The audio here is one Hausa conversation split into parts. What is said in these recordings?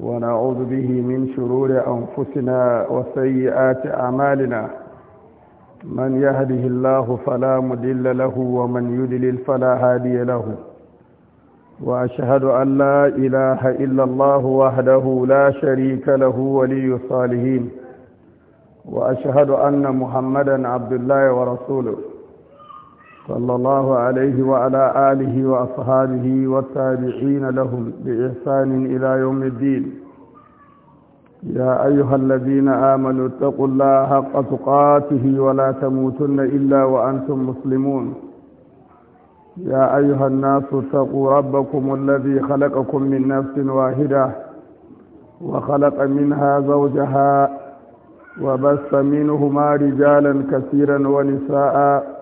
ونعوذ به من شرور أنفسنا وسيئات أعمالنا من يهده الله فلا مدل له ومن يدلل فلا هادي له وأشهد أن لا إله إلا الله وحده لا شريك له ولي الصالحين وأشهد أن محمدا عبد الله ورسوله صلى الله عليه وعلى آله وأصحابه والتابعين لهم بإحسان إلى يوم الدين يا أيها الذين آمنوا اتقوا الله حق تقاته ولا تموتن إلا وأنتم مسلمون يا أيها الناس اتقوا ربكم الذي خلقكم من نفس واحدة وخلق منها زوجها وبث منهما رجالا كثيرا ونساء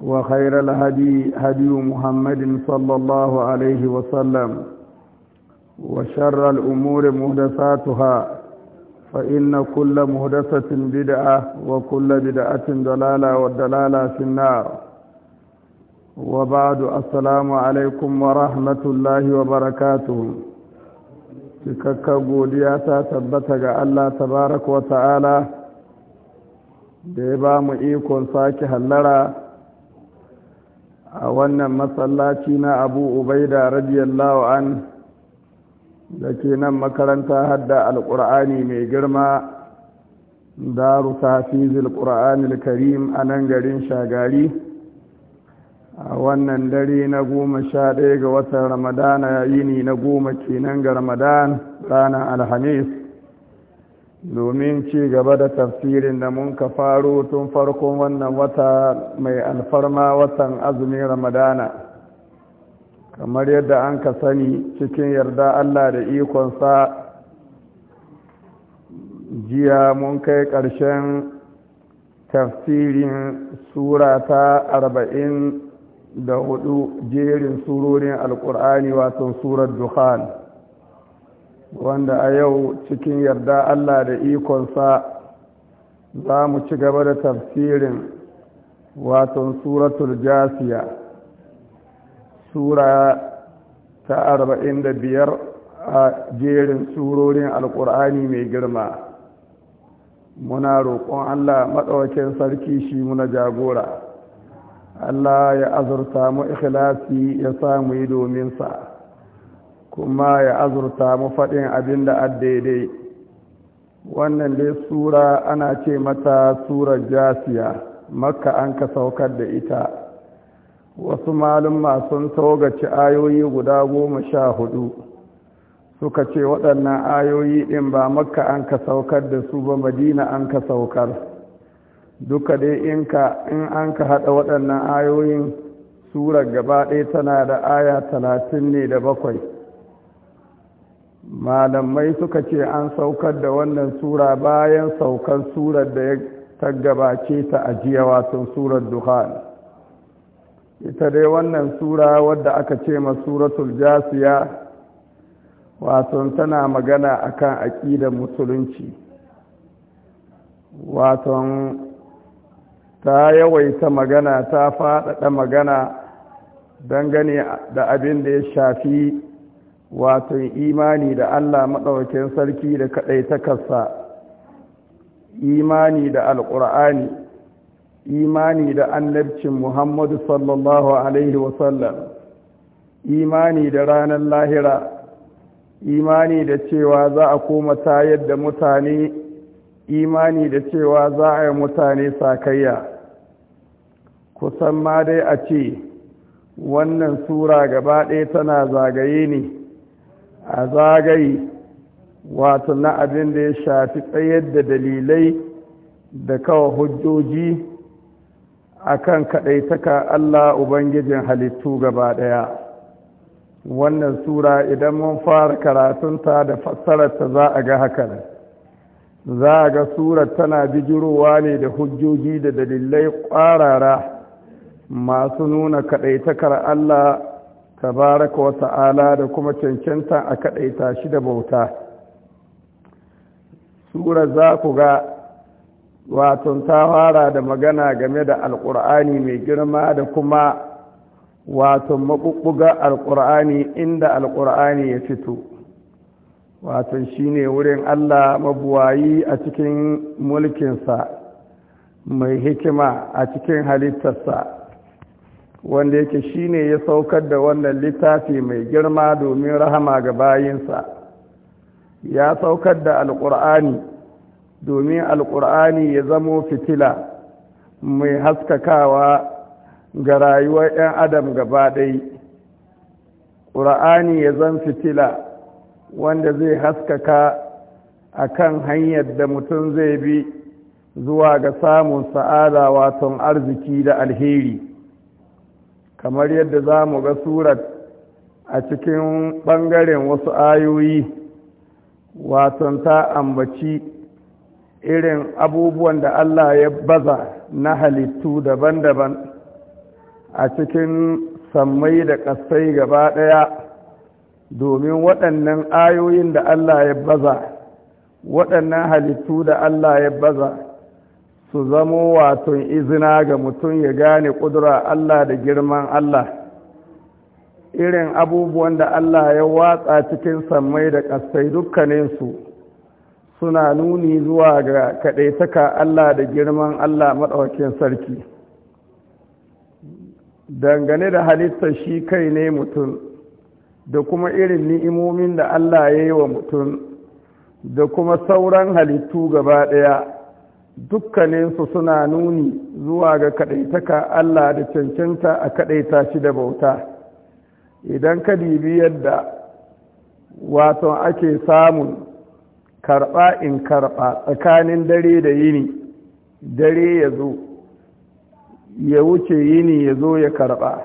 وخير الهدي هدي محمد صلى الله عليه وسلم وشر الأمور مهدساتها فإن كل مهدسة بدعة وكل بدعة ضلالة والدلالة في النار وبعد السلام عليكم ورحمة الله وبركاته cikakkar godiya ta الله تبارك وتعالى tabaraka wa ساكي da a wannan masallaci na abu ubaida radiyallahu an da ke nan makaranta hadda alƙur'ani mai girma daru tafizil ƙur'anil karim a nan garin shagari a wannan dare na goma sha ɗaya ga watan ramadana yini na goma kenan ga ramadan ranar alhamis domin ci gaba da tafsirin da mun ka faro tun farkon wannan wata mai alfarma watan azumin ramadana kamar yadda an ka sani cikin yarda allah da ikonsa jiya mun kai ƙarshen tafsirin sura ta arba'in da hudu jerin surorin alkur'ani wato surar duhan wanda a yau cikin yarda Allah da ikonsa za mu ci gaba da tafsirin waton suratul jasiya sura ta arba'in da biyar a jerin surorin alkur'ani mai girma muna roƙon Allah maɗaukin sarki shi muna jagora Allah ya azurta mu ikhlasi ya samu yi domin sa kuma ya azurta mu faɗin abin da addaidai wannan dai sura ana ce mata surar jasiya makka an ka saukar da ita wasu malumma sun taugaci ayoyi guda goma sha hudu suka ce waɗannan ayoyi ɗin ba makka an ka saukar da su ba madina an ka saukar duka dai in an ka haɗa waɗannan ayoyin surar gaba ɗaya tana da aya talatin ne da bakwai malamai suka ce an saukar da wannan sura bayan saukan surar da ya ta gabace ta ajiya wato surar duhan ita dai wannan sura wadda aka ce ma suratul jasiya wato tana magana akan aƙidar musulunci wato ta yawaita magana ta faɗaɗa magana dangane da abin da ya shafi wato imani da Allah maɗaukin sarki da kaɗai takarsa imani da alƙur'ani imani da annabcin muhammadu sallallahu alaihi wasallam imani da ranar lahira imani da cewa za a koma tayar da mutane imani da cewa za a yi mutane sakayya kusan ma dai a ce wannan sura gaba ɗaya tana zagaye ne a zagaye wato na abin da ya shafi tsayar da dalilai da kawo hujjoji akan kaɗaitaka Allah Ubangijin halittu gaba ɗaya wannan sura idan mun fara karatunta da fassararta za a ga hakan za a ga surar tana bijirowa ne da hujjoji da dalilai ƙwarara masu nuna kaɗaitakar Allah tabaraka wa ta'ala da kuma cancanta a kaɗaita shi da bauta sura za ku ga waton ta fara da magana game da alƙur'ani mai girma da kuma waton maɓuɓɓuga alƙur'ani inda alƙur'ani ya fito waton shi ne wurin allah mabuwayi a cikin mulkinsa mai hikima a cikin halittarsa wanda yake shine ya saukar da wannan littafi mai girma domin rahama ga bayinsa ya saukar da alƙur'ani domin alƙur'ani ya zamo fitila mai haskakawa ga rayuwar 'yan adam gaba ɗai ƙur'ani ya zan fitila wanda zai haskaka a kan hanyar da mutum zai bi zuwa ga samun sa'ada waton arziki da alheri kamar yadda za mu ga surat a cikin ɓangaren wasu ayoyi wasan ta ambaci irin abubuwan da Allah ya baza na halittu daban-daban a cikin sammai da ƙasai gaba ɗaya domin waɗannan ayoyin da Allah ya baza waɗannan halittu da Allah ya baza su zamo wato izina ga mutum ya gane ƙudura Allah da girman Allah irin abubuwan da Allah ya watsa cikin sammai da ƙasai dukkaninsu suna nuni zuwa ga kaɗaitaka Allah da girman Allah maɗaukin sarki dangane da halitta shi kai ne mutum da kuma irin ni'imomin da Allah ya yi wa mutum da kuma sauran halittu gaba ɗaya dukkaninsu suna nuni zuwa ga kaɗaitaka Allah da cancanta a kaɗaita shi da bauta idan ka dibi yadda wato ake samun karɓa in karɓa tsakanin dare da yini dare ya zo ya wuce yini ya zo ya karɓa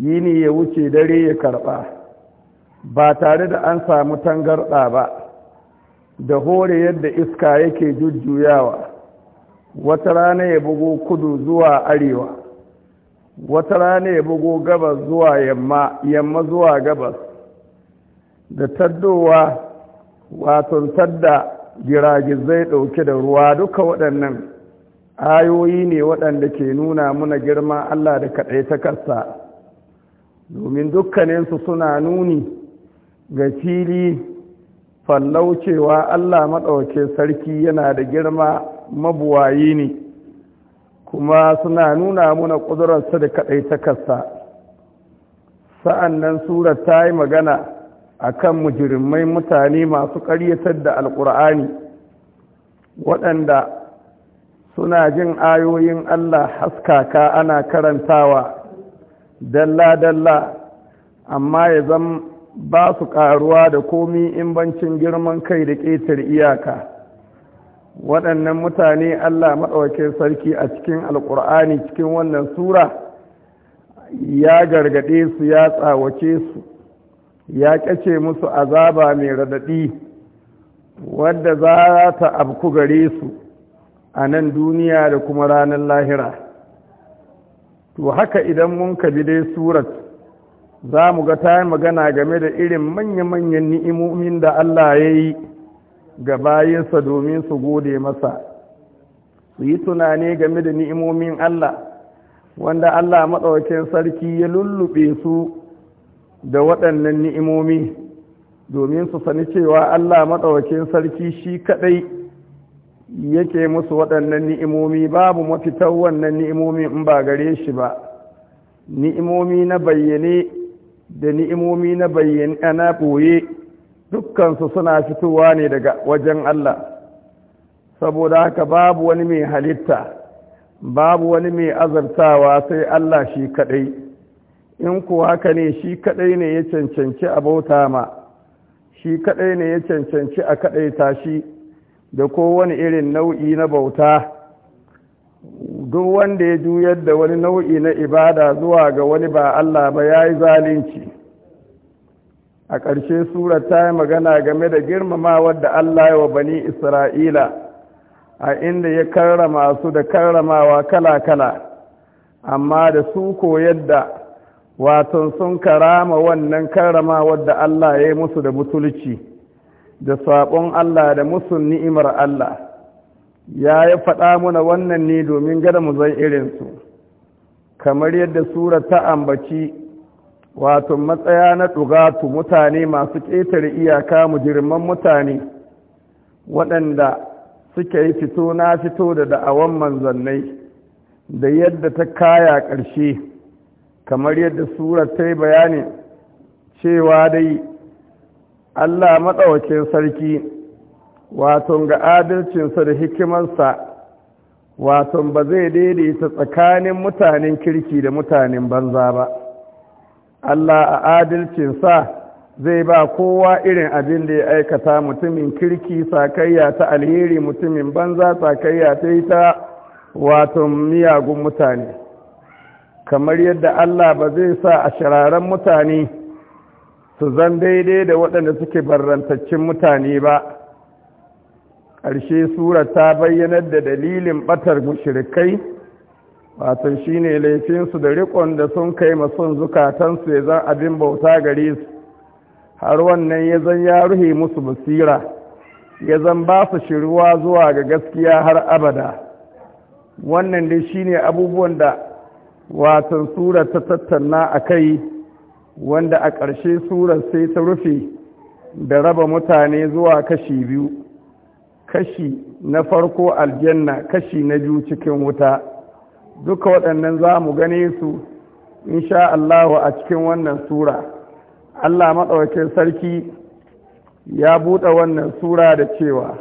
yini ya wuce dare ya karɓa ba tare da an samu tangarɗa ba da hore yadda iska yake jujjuyawa wata rana ya bugo kudu zuwa arewa wata rana ya bugo gabas zuwa yamma yamma zuwa gabas da taddowa wato tadda giragizai ɗauke da ruwa duka waɗannan ayoyi ne waɗanda ke nuna muna girma Allah da kaɗai ta kasa domin dukkaninsu suna nuni ga fili fallau cewa allah maɗauke sarki yana da girma mabuwayi ne kuma suna nuna muna ƙudurarsa da kaɗai ta sa'an Sa'annan surar ta yi magana a kan mujirmai mutane masu ƙaryatar da alƙur'ani waɗanda suna jin ayoyin allah haskaka ana karantawa dalla-dalla amma ya zama ba su ƙaruwa da komi in bancin girman kai da ƙetar iyaka waɗannan mutane allah maɗaukin sarki a cikin alƙur'ani cikin wannan sura ya gargaɗe su ya tsawace su ya ƙyace musu azaba mai raɗaɗi wadda za ta abku gare su a nan duniya da kuma ranar lahira to haka idan mun kabi dai surat za mu ga ta magana game da irin manya-manyan ni'imomin da Allah ya yi ga bayinsa domin su gode masa su yi tunani game da ni'imomin Allah wanda Allah maɗaukin sarki ya lullube su da waɗannan ni'imomi domin su sani cewa Allah maɗaukin sarki shi kaɗai yake musu waɗannan ni'imomi babu mafitar wannan ni'imomi in ba gare shi ba ni'imomi na bayyane da ni'imomi na bayyana eh, na boye dukkansu suna fitowa ne daga wajen Allah saboda haka babu wani mai halitta babu wani mai azartawa sai Allah shi kadai in ku haka ne shi kadai ne ya cancanci a bauta ma shi kadai ne ya cancanci a kadaita shi da kowane irin nau'i na bauta duk wanda ya juyar da wani nau'i na ibada zuwa ga wani ba Allah ba ya yi zalunci a ƙarshe sura ta yi magana game da girmamawa da Allah ya wa bani isra'ila a inda ya karrama su da karramawa kala-kala amma da su koyar da waton sun karama wannan karramawar da Allah ya yi musu da mutulci da saƙon Allah da musu ni'imar Allah ya yi faɗa mana wannan ne domin gada mu zai irinsu kamar yadda sura ta ambaci wato matsaya na ɗugatu mutane masu ƙetare iyaka mujirman mutane waɗanda suka yi fito na fito da da'awan manzannai da yadda ta kaya ƙarshe kamar yadda sura ta yi bayani cewa dai allah maɗaukin sarki waton ga adalcinsa da hikimarsa waton ba zai daidaita tsakanin mutanen kirki da mutanen banza ba Allah a adalcinsa zai ba kowa irin abin da ya aikata mutumin kirki sakayya ta alheri mutumin banza sakayya ta yi ta waton miyagun mutane kamar yadda Allah ba zai sa a shiraren mutane su zan daidai da waɗanda suke barrantaccen mutane ba ƙarshe sura ta bayyanar da dalilin batar mushrikai wato shine laifinsu da riƙon da sun kai masun zukatansu ya zan abin bauta gare su har wannan ya zan ya ruhe musu basira ya zan ba su shiruwa zuwa ga gaskiya har abada wannan dai shine abubuwan da watan sura ta tattauna a kai wanda a ƙarshe sura sai ta rufe da raba mutane zuwa kashi biyu kashi na farko aljanna kashi na biyu cikin wuta duka waɗannan za mu gane su insha Allahu a cikin wannan sura Allah maɗaukin sarki ya buɗe wannan sura da cewa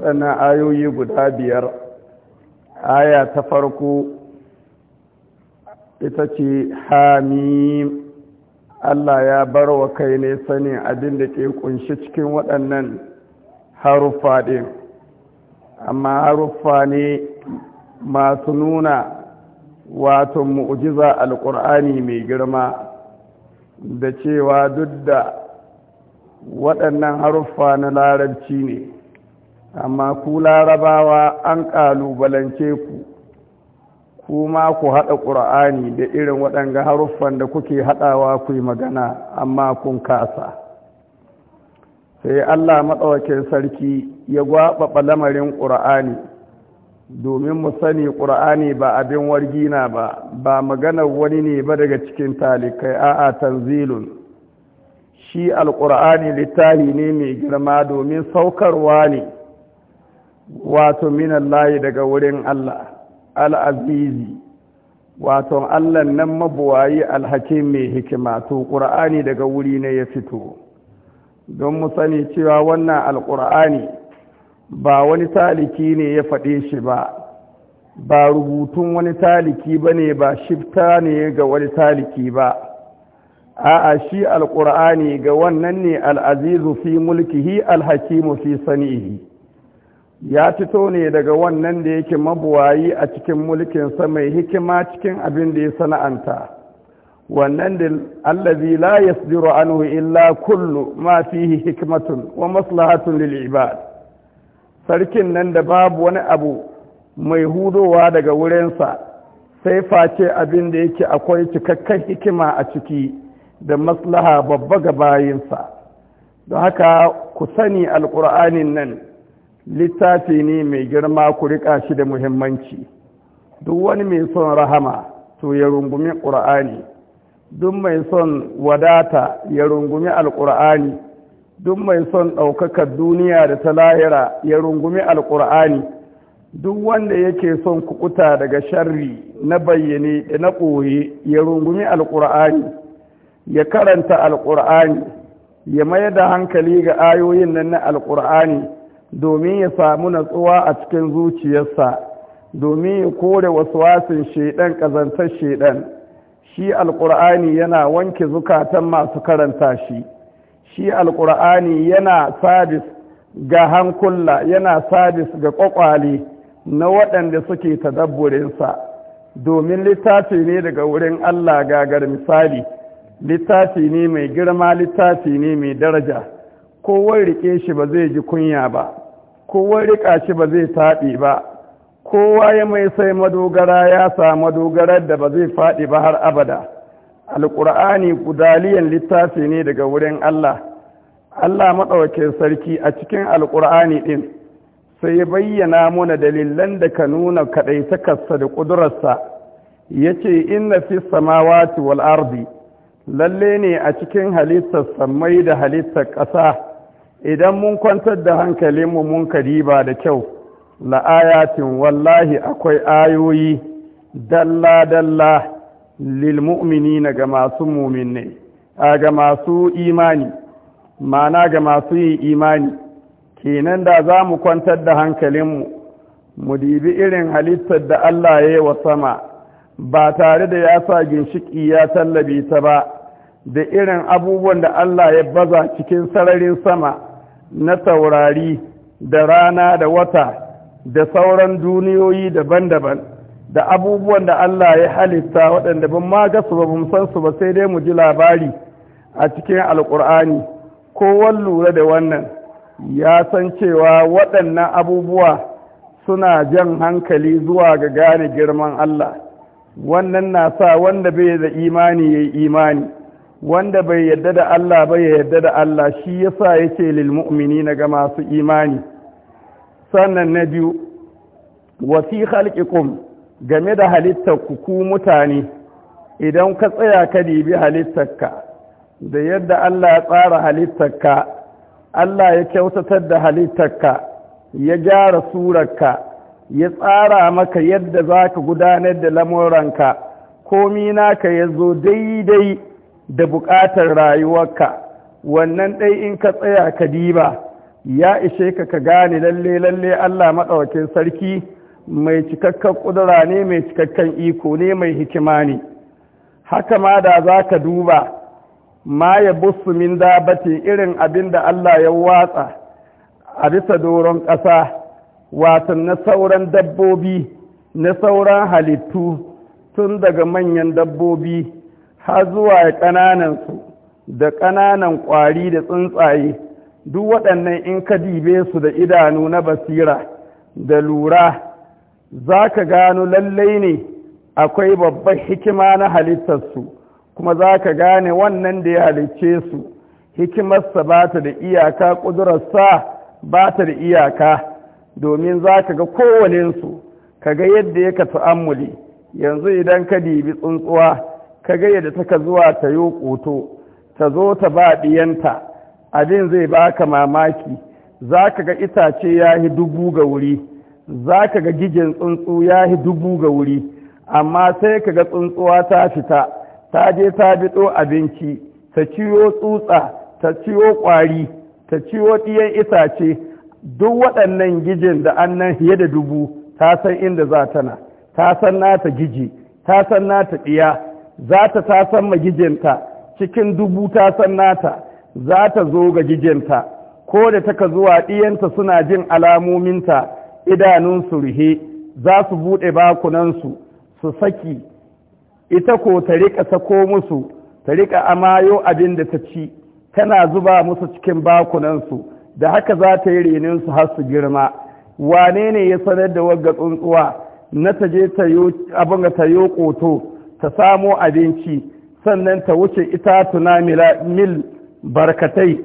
waɗannan ayoyi guda biyar aya ta farko ita ce hamim Allah ya bar wa kai ne sanin abin da ke kunshi cikin waɗannan haruffa ɗin amma haruffa ne masu nuna wato mu'ujiza alƙur'ani mai girma da cewa duk da waɗannan haruffa na larabci ne amma ku larabawa an ƙalubalance ku kuma ku haɗa ƙura'ani da irin waɗanga haruffan da kuke haɗawa ku yi magana amma kun kasa sai allah maɗaukin sarki ya gwaɓaɓa lamarin ƙura'ani domin mu sani ƙura'ani ba abin wargina ba ba maganar wani ne ba daga cikin talikai a'a tanzilun shi alƙura'ani littafi ne mai girma domin saukarwa ne wato minallahi daga wurin Allah al'azizi wato Allah nan mabuwayi alhakim mai hikima to ƙur'ani daga wuri ne ya fito don mu sani cewa wannan Alkur'ani, ba wani taliki ne ya faɗe shi ba ba rubutun wani taliki ba ne ba shifta ne ga wani taliki ba a'a shi Alkur'ani, ga wannan ne al'azizu fi mulkihi alhakimu fi sanihi. ya fito ne daga wannan da yake mabuwayi a cikin mulkinsa mai hikima cikin abin da ya sana'anta wannan da allazi la yasdiru anhu illa kullu ma fihi hikmatun wa maslahatun lil ibad sarkin nan da babu wani abu mai hudowa daga wurinsa sai face abin da yake akwai cikakken hikima a ciki da maslaha babba ga bayinsa don haka ku sani alƙur'anin nan littafi ne mai girma ku riƙa shi da muhimmanci duk wani mai son rahama to ya rungumi ƙur'ani duk mai son wadata ya rungumi alƙur'ani duk mai son ɗaukakar duniya da ta lahira ya rungumi alƙur'ani duk wanda yake son kukuta daga sharri na bayyane da na ɓoye ya rungumi alƙur'ani ya karanta alƙur'ani ya mayar da hankali ga ayoyin nan na alƙur'ani domin ya samu natsuwa a cikin zuciyarsa domin ya kore wasu wasin shaidan ƙazantar shaidan shi alkur'ani yana wanke zukatan masu karanta shi shi alƙur'ani yana sabis ga hankula yana sabis ga ƙwaƙwale na waɗanda suke tadabburinsa domin littafi ne daga wurin allah gagar misali littafi ne mai girma littafi ne mai daraja kowar rike shi ba zai ji kunya ba kowar rika shi ba zai taɓi ba kowa ya mai sai madogara ya sa madogarar da ba zai faɗi ba har abada alƙur'ani gudaliyan littafi ne daga wurin allah allah maɗauke sarki a cikin alƙur'ani ɗin sai ya bayyana muna dalilan da ka nuna kaɗaitakarsa da ƙudurarsa ya ce inna fi samawati wal ardi lalle ne a cikin halittar sammai da halittar ƙasa idan mun kwantar da hankalinmu mun kariba da kyau la'ayatin wallahi akwai ayoyi dalla-dalla lilmu'mini na ga masu muminai a ga masu imani mana ga masu yin imani kenan da za mu kwantar da hankalinmu mu dibi irin halittar da Allah ya yi wa sama ba tare da ya sa ginshiki ya tallabi ta ba da irin abubuwan da Allah ya baza cikin sararin sama na taurari da rana da wata da sauran duniyoyi daban-daban da abubuwan da Allah ya halitta waɗanda ban ma ga su ba mun san su ba sai dai mu ji labari a cikin alkur'ani kowan lura da wannan ya san cewa waɗannan abubuwa suna jan hankali zuwa ga gane girman Allah wannan na sa wanda bai da imani ya yi imani wanda bai yadda da Allah ba ya yadda da Allah shi yasa yake lil na ga masu imani sannan na biyu wa fi khalqikum game da halittar ku ku mutane idan ka tsaya ka dibi halittarka da yadda Allah ya tsara halittarka Allah ya kyautatar da halittarka ya gyara surarka ya tsara maka yadda za ka gudanar da lamuranka komi naka ya zo daidai da buƙatar rayuwarka wannan ɗai in ka tsaya ka diba ya ishe ka ka gane lalle lalle Allah maɗaukin sarki mai cikakken ƙudura ne mai cikakken iko ne mai hikima ne haka ma da za ka duba ma ya busu min dabati irin abin da Allah ya watsa a bisa doron ƙasa wato na sauran dabbobi na sauran halittu tun daga manyan dabbobi har zuwa ƙananansu da ƙananan ƙwari da tsuntsaye duk waɗannan in ka dibe su da idanu na basira da lura za ka gano lallai ne akwai babbar hikima na halittarsu kuma za ka gane wannan da ya halicce su hikimarsa ba ta da iyaka ƙudurarsa ba ta da iyaka domin za ka ga kowanensu ka ga yadda ya ka ta'ammuli yanzu idan ka dibi tsuntsuwa ka ta ka zuwa ta yi ƙoto ta zo ta ba ɗiyanta abin zai baka mamaki za ka ga itace ya yi dubu ga wuri za ka ga gijin tsuntsu ya yi dubu ga wuri amma sai ka ga tsuntsuwa ta fita ta je ta biɗo abinci ta ciwo tsutsa ta ciwo ƙwari ta ciwo ɗiyan itace duk waɗannan gijin da an nan fiye da dubu ta san inda za na, ta san nata gije ta san nata ɗiya za ta tasan magijinta cikin dubu tasan nata za ta zo ga gijinta ko da taka zuwa ɗiyanta suna jin alamominta idanunsu rihe za su buɗe bakunansu su su saki ita ko ta riƙa sako musu ta riƙa amayo abin da ta ci tana zuba musu cikin bakunansu da haka za ta yi reninsu har su girma wane ne ya sanar da wagga tsuntsuwa na ta je ta yo abin ta yo ƙoto ta samo abinci sannan ta wuce itatuna mil barkatai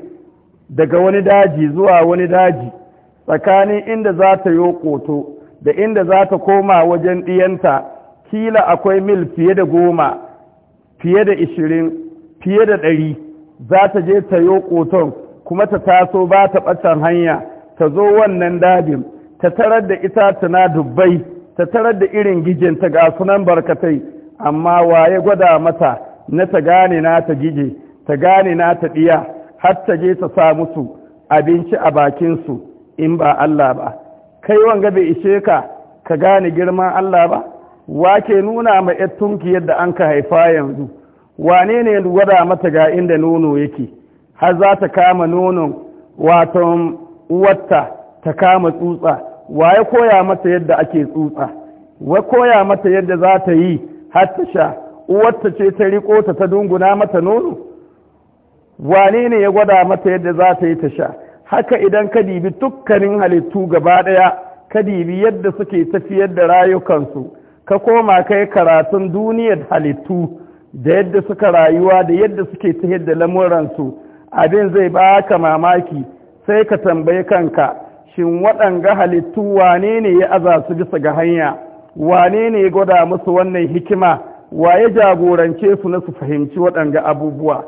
daga wani daji zuwa wani daji tsakanin inda za ta yi koto da inda za ta koma wajen ɗiyanta kila akwai mil fiye da goma fiye da ishirin fiye da ɗari za ta je ta yi koton kuma ta taso ba ta ɓatan hanya ta zo wannan dajin ta tarar da itatuna dubbai ta tarar da irin gijinta ga sunan barkatai amma waye gwada mata na ta gane na ta gije ta gane na ta ɗiya har ta je ta sa musu abinci a bakin su in ba Allah ba kai wanga bai ishe ka ka gane girman Allah ba wake nuna ma tunki yadda an ka haifa yanzu wane ne gwada mata ga inda nono yake har za ta kama nonon waton uwarta ta kama tsutsa waye koya mata yadda ake tsutsa wa koya mata yadda za ta yi har ta sha uwarta ce ta riko ta ta dunguna mata nono wane ne ya gwada mata yadda za ta yi ta sha haka idan ka dibi dukkanin halittu gaba ɗaya ka dibi yadda suke tafiyar da rayukansu ka koma kai karatun duniyar halittu da yadda suka rayuwa da yadda suke tafiyar da lamuransu abin zai baka mamaki sai ka tambayi kanka shin waɗanga halittu wane ne ya aza su bisa ga hanya wane ne ya gwada musu wannan hikima wa ya jagorance su na su fahimci waɗanga abubuwa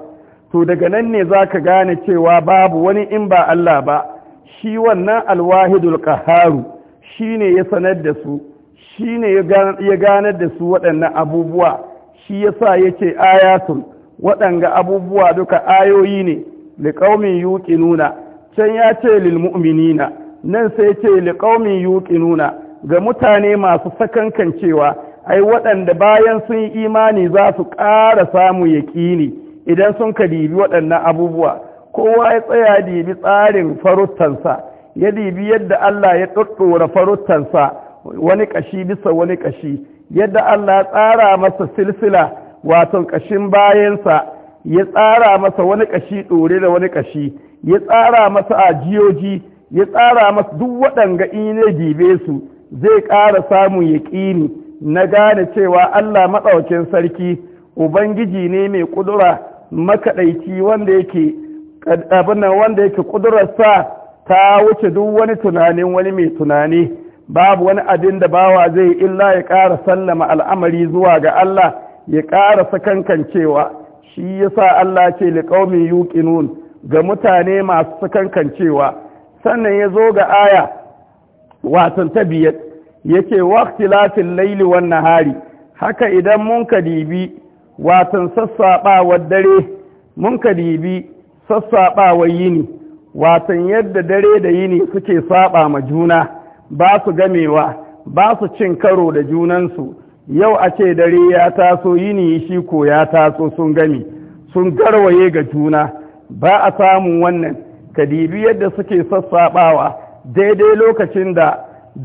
to daga nan ne za ka gane cewa babu wani in ba Allah ba shi wannan alwahidul qaharu shi ne ya sanar da su shi ne ya ganar da su waɗannan abubuwa shi ya sa ya ce ayatun waɗanga abubuwa duka ayoyi ne liƙaumin yuƙinuna can ya ce lilmu'minina nan sai ce liƙaumin yuƙinuna ga mutane masu sakankan cewa ai waɗanda bayan sun yi imani za su ƙara samu yaƙini idan sun ka dibi waɗannan abubuwa kowa ya tsaya dibi tsarin faruttansa ya dibi yadda Allah ya ɗaɗɗora faruttansa wani ƙashi bisa wani ƙashi yadda Allah ya tsara masa silsila wato ƙashin bayansa ya tsara masa wani ƙashi ɗore da wani ƙashi ya tsara masa ajiyoji ya tsara masa duk waɗanga in ne dibe su zai ƙara samun yaƙini na gane cewa Allah maɗaukin sarki Ubangiji ne mai ƙudura makaɗaici wanda yake abinan wanda yake ƙudurarsa ta wuce duk wani tunanin wani mai tunani babu wani abin da bawa zai illa ya ƙara sallama al'amari zuwa ga Allah ya ƙara sakankancewa shi ya sa Allah ce liƙaumin yuƙinun ga mutane masu sakankancewa sannan ya zo ga aya watan ta biyar yace waqtilatil laili wan nahari haka idan mun kadibi watan sassaɓawar dare mun kadibi sassaɓawar yini watan yadda dare da yini suke saɓa ma juna ba su gamewa ba su cin karo da junansu yau a ce dare ya taso yini shi ko ya taso sun gami sun garwaye ga juna ba a samun wannan kadibi yadda suke sassaɓawa daidai lokacin da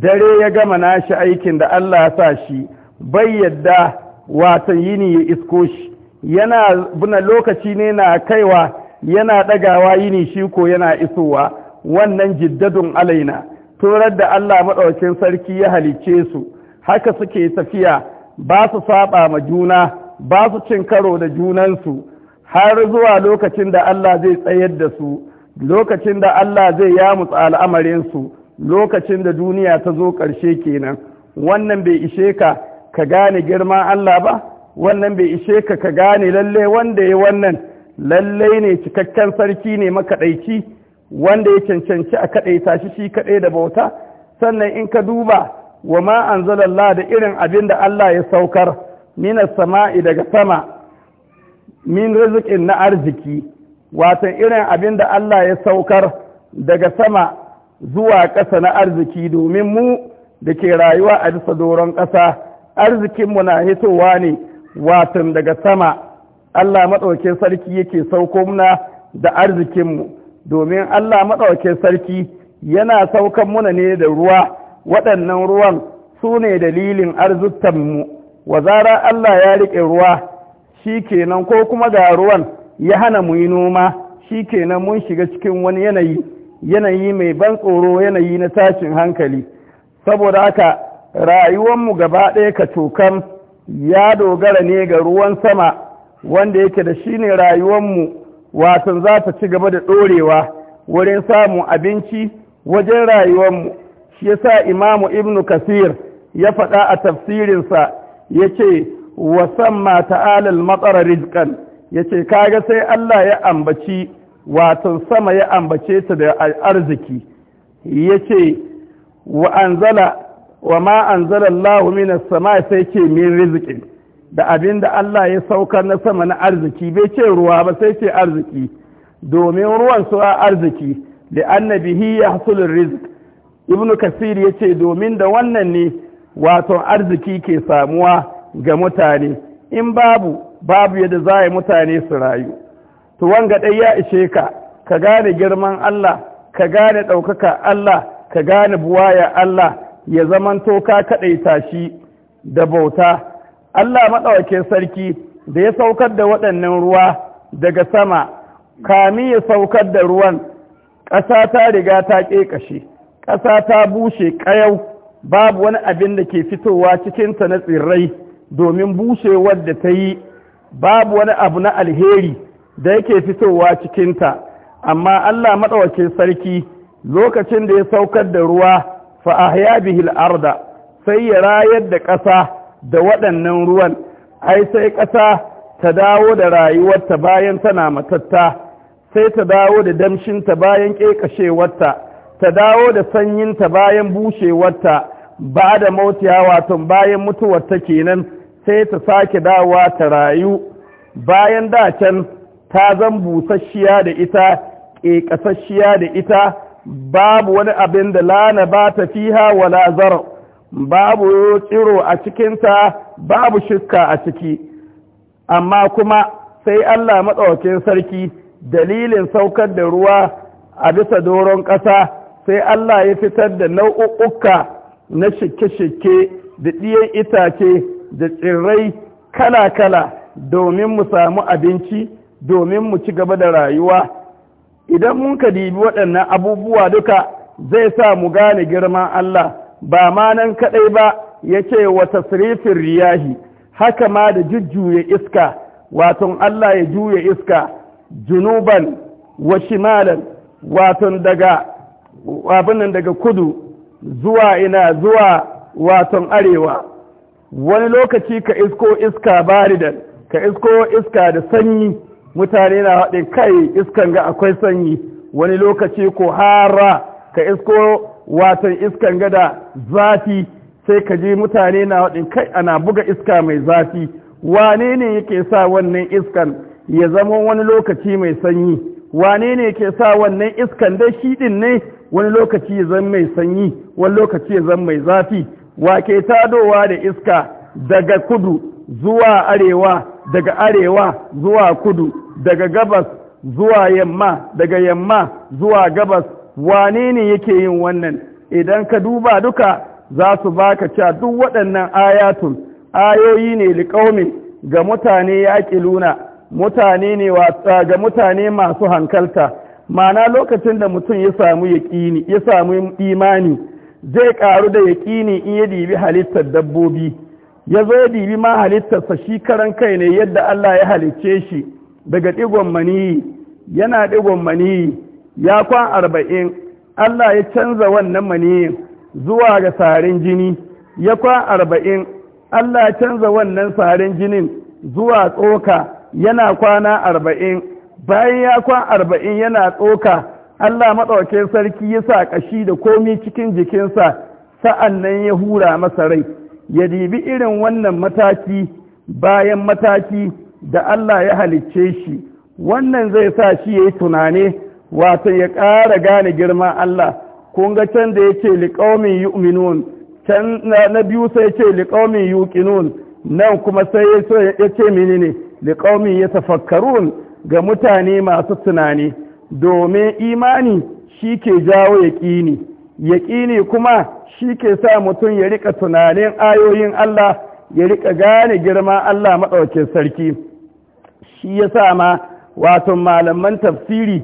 dare ya gama nashi aikin da Allah ya sa shi bai yadda watan yini ya isko shi yana buna lokaci ne na kaiwa yana ɗagawa yini shi ko yana isowa wannan jiddadun alaina turar da Allah maɗaukin sarki ya halicce su haka suke tafiya ba su saba ma juna ba su cin karo da junansu har zuwa lokacin da Allah zai tsayar da su lokacin da Allah zai ya mutsa al'amarinsu lokacin da duniya ta zo ƙarshe kenan wannan bai ishe ka ka gane girma Allah ba wannan bai ishe ka ka gane lalle wanda ya wannan lalle ne cikakken sarki ne makaɗaici wanda ya cancanci a kaɗaita shi shi kaɗai da bauta sannan in ka duba wa ma anzalallah da irin abin da Allah ya saukar minas sama'i daga sama min rizikin na arziki wato irin abin da Allah ya saukar daga sama zuwa ƙasa na arziki domin mu da ke rayuwa a bisa doron ƙasa arzikinmu na hitowa ne watan daga sama Allah maɗaukin sarki yake sauko muna da arzikinmu domin Allah maɗaukin sarki yana saukan muna ne da ruwa waɗannan ruwan su ne dalilin arzikinmu wa zara Allah ya riƙe ruwa shi kenan ko kuma ga ruwan ya hana mu yi noma shi kenan mun shiga cikin wani yanayi yanayi mai ban tsoro yanayi na tashin hankali saboda haka rayuwanmu gaba ɗaya ka cokan ya dogara ne ga ruwan sama wanda yake da shi ne rayuwanmu watan za ta ci gaba da ɗorewa wurin samun abinci wajen rayuwanmu shi ya sa imamu ibnu kasir ya faɗa a tafsirinsa ya ce wasan ma ta'alal matsara rizkan ya ce kaga sai Allah ya ambaci watan sama ya ambace ta da arziki ya ce wa anzala wa ma anzala Allah minas sama sai ce min rizikin da abinda Allah ya sauka na sama na arziki bai ce ruwa ba sai ce arziki domin ruwan su arziki da bihi ya hasulun rizik ibn kasir ya ce domin da wannan ne wato arziki ke samuwa ga mutane in babu babu yadda za a yi mutane su rayu to wanga ɗai ya ishe ka ka gane girman Allah ka gane ɗaukaka Allah ka gane buwaya Allah ya zaman ka kaɗaita shi da bauta Allah maɗaukin sarki da ya saukar da waɗannan ruwa daga sama kami ya saukar da ruwan ƙasa ta riga ta ƙeƙashe ƙasa ta bushe ƙayau babu wani abin da ke fitowa cikinta na tsirrai domin bushewar da ta yi babu wani abu na alheri da yake fitowa cikinta amma Allah maɗaukakin sarki lokacin da ya saukar da ruwa fa ahya bihil arda sai ya rayar da ƙasa da waɗannan ruwan ai sai ƙasa ta dawo da rayuwarta bayan tana matatta sai ta dawo da damshinta bayan ƙeƙashewarta ta dawo da sanyinta bayan bushewarta ba da mautiya wato bayan mutuwarta kenan sai ta sake dawa ta rayu bayan da can ta zan busasshiya da ita ƙeƙasasshiya da ita babu wani abin da lana ba ta fiha wala zar babu tsiro a cikinta babu shukka a ciki amma kuma sai Allah maɗaukin sarki dalilin saukar da ruwa a bisa doron ƙasa sai Allah ya fitar da nau'uka na shike-shike da ɗiyan itace da tsirrai kala-kala domin mu samu abinci domin mu ci gaba da rayuwa idan mun ka dibi waɗannan abubuwa duka zai sa mu gane girman Allah ba ma nan kaɗai ba ya ce wa tasirifin riyahi haka ma da jujjuya iska waton Allah ya juya iska junuban wa shimalan waton daga abinan daga kudu zuwa ina zuwa waton arewa wani lokaci ka isko iska bari da ka isko iska da sanyi mutane na haɗe kai iskan ga akwai sanyi wani lokaci ko hara ka isko watan iskan ga da zafi sai ka ji mutane na haɗin kai ana buga iska mai zafi wane ne yake sa wannan iskan ya zama wani lokaci mai sanyi wane ne ke sa wannan iskan da shi ne wani lokaci ya zama mai sanyi wani lokaci ya zama mai zafi wake tadowa da iska daga kudu zuwa arewa daga arewa zuwa kudu daga gabas zuwa yamma daga yamma zuwa gabas wane ne yake yin wannan idan ka duba duka za su baka cewa duk waɗannan ayatun ayoyi ne liƙaumin ga mutane luna. mutane ne wasa ga mutane masu hankalta ma'ana lokacin da mutum ya samu ya samu imani zai ƙaru da yaƙini in ya dibi halittar dabbobi ya zo ya dibi ma halittarsa shi karan kai ne yadda Allah ya halicce shi daga ɗigon maniyi yana ɗigon maniyi ya kwan arba'in Allah ya canza wannan mani zuwa ga sarin jini ya kwan arba'in Allah ya canza wannan sarin jinin zuwa tsoka yana kwana arba'in bayan ya kwan arba'in yana tsoka Allah maɗaukin sarki ya sa ƙashi da komi cikin jikinsa sa'an nan ya hura masa rai ya dibi irin wannan mataki bayan mataki da Allah ya halicce shi wannan zai sa shi ya yi tunane wata ya ƙara gane girma Allah kun ga can da ya ce liƙaumin yu'minun can na biyu sai ce liƙaumin yuƙinun nan kuma sai ya ce mini ne liƙaumin ya tafakkarun ga mutane masu tunani domin imani shi ke jawo yaƙini yaƙini kuma shi ke sa mutum ya rika tunanin ayoyin Allah ya riƙa gane girma Allah maɗaukin sarki shi ya sa ma wato malaman tafsiri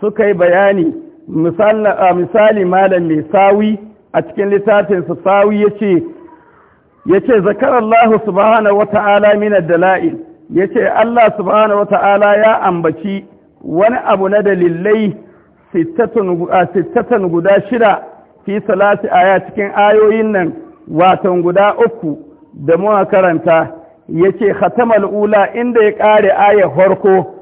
suka yi bayani misali malam mai sawi a cikin littafinsa sawi ya ce ya ce zakarallahu subhanahu mina minar dala'il ya ce Allah subhanahu wata'ala ya ambaci wani abu na dalilai sittatan guda shida fi salati aya cikin ayoyin nan watan guda uku da muka karanta ce khatamal ula inda ya ƙare aya farko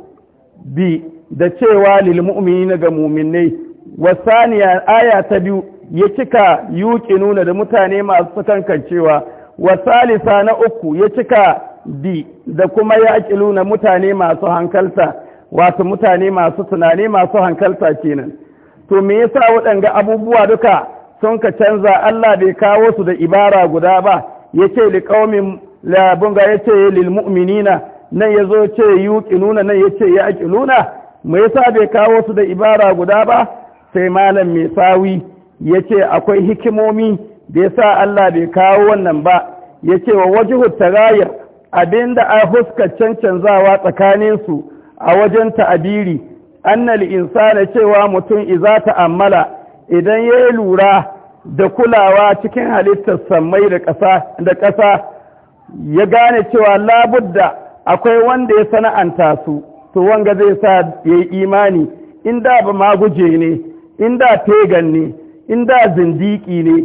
bi da cewa lil mu'minina ga mu'minai wasaniya aya ta biyu ya cika nuna da mutane masu kankancewa wasalisa na uku ya cika bi da kuma yaqiluna mutane masu hankalta wato mutane masu tunani masu hankalta kenan to me yasa waɗanga abubuwa duka sun ka canza Allah bai kawo su da ibara guda ba yace li qaumin la bunga yace lil mu'minina nan yazo ce yuqinuna nan yace ya aqiluna me yasa bai kawo su da ibara guda ba sai malam mai sawi yace akwai hikimomi da yasa Allah bai kawo wannan ba yace wa wajhu tagayyur abinda a huskar cancanzawa su. a wajen ta'abiri annal insana cewa mutum iza ta'ammala idan ya lura da kulawa cikin halittar samai da ƙasa ƙasa ya gane cewa labudda akwai wanda ya sana'anta su to wanga zai sa ya yi imani in da ba maguje ne in da tegan ne in da zindiki ne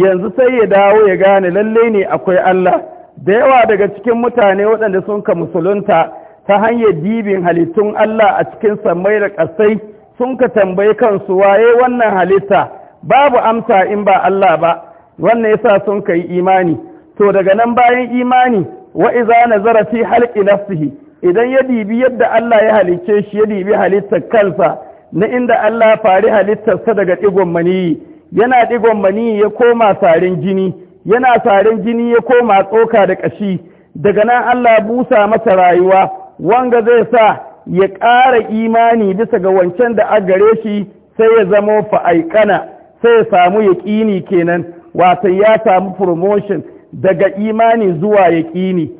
yanzu sai ya dawo ya gane lalle ne akwai Allah da yawa daga cikin mutane waɗanda sun ka musulunta ta hanyar dibin halittun Allah a cikin sammai da ƙasai sun ka tambayi kansu waye wannan halitta babu amsa in ba Allah ba wannan yasa sun ka yi imani to daga nan bayan imani wa iza nazara fi halqi nafsihi idan ya dibi yadda Allah ya halice shi ya dibi halittar kansa na inda Allah fari halittarsa daga digon maniyi yana digon maniyi ya koma sarin jini yana sarin jini ya koma tsoka da kashi daga nan Allah busa masa rayuwa wanga zai sa ya ƙara imani bisa ga wancan da a gare shi sai ya zamo fa'aikana sai ya samu yaƙini kenan wasan ya samu promotion daga imani zuwa yaƙini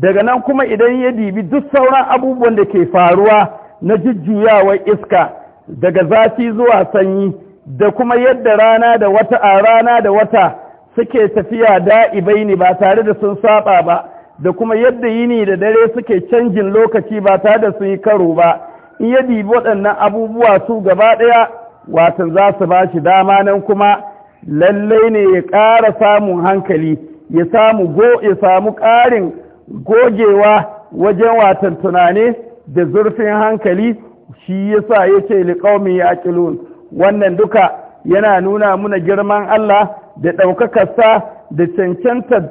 daga nan kuma idan ya dibi duk sauran abubuwan da ke faruwa na jujjuyawar iska daga zafi zuwa sanyi da kuma yadda rana da wata a rana da wata suke tafiya da'ibai ne ba tare da sun saba ba da kuma yadda yini da dare suke canjin lokaci ba tare da su yi karo ba in ya dibi waɗannan abubuwa su gaba ɗaya watan za su ba shi dama nan kuma lallai ne ya ƙara samun hankali ya samu go ya samu ƙarin gogewa wajen watan tunani da zurfin hankali shi yasa ya ce liƙaumin ya wannan duka yana nuna muna girman Allah da ɗaukakarsa da cancantar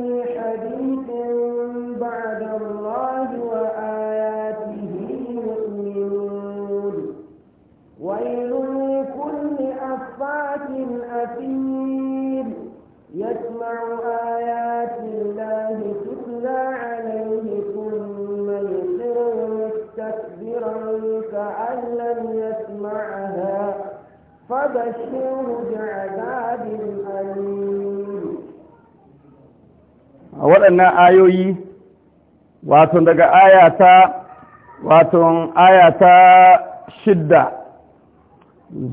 كأن لم يسمعها فبشره بعذاب أليم waɗannan ayoyi wato daga ayata wato ayata shidda